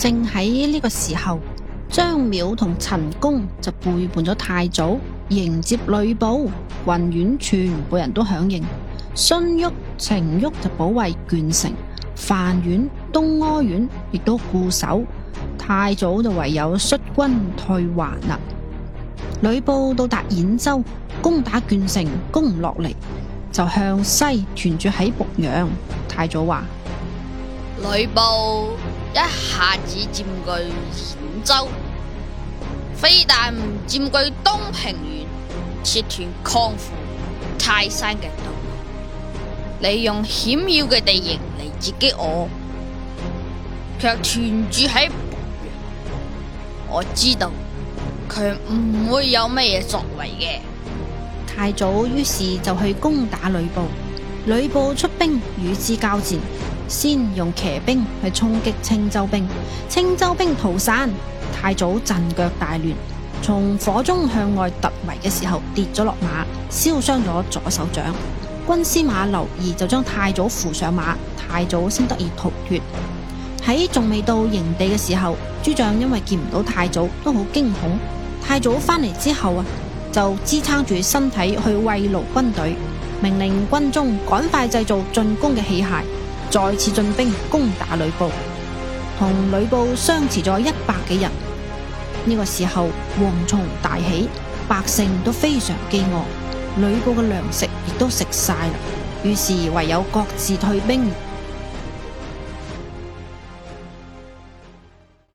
正喺呢個時候，張淼同陳宮就背叛咗太祖，迎接呂布。郡縣全部人都響應，孫旭、程旭就保衛鄄城，范縣、東阿縣亦都固守。太祖就唯有率軍退還啦。呂布到達兗州，攻打鄄城攻唔落嚟，就向西屯住喺濮陽。太祖話：呂布。一下子佔據兗州，非但唔佔據東平原，切斷康扶泰山嘅道，利用險要嘅地形嚟截擊我，卻屯住喺。我知道佢唔會有咩嘢作為嘅，太祖，於是就去攻打呂布。呂布出兵與之交戰，先用騎兵去衝擊青州兵，青州兵逃散，太祖陣腳大亂。從火中向外突圍嘅時候跌咗落馬，燒傷咗左手掌。軍司馬劉義就將太祖扶上馬，太祖先得以逃脱。喺仲未到營地嘅時候，諸將因為見唔到太祖都好驚恐。太祖翻嚟之後啊，就支撐住身體去慰勞軍隊。命令軍中趕快製造進攻嘅器械，再次進兵攻打呂布。同呂布相持咗一百幾日，呢、這個時候蝗蟲大起，百姓都非常飢餓，呂布嘅糧食亦都食晒啦，於是唯有各自退兵。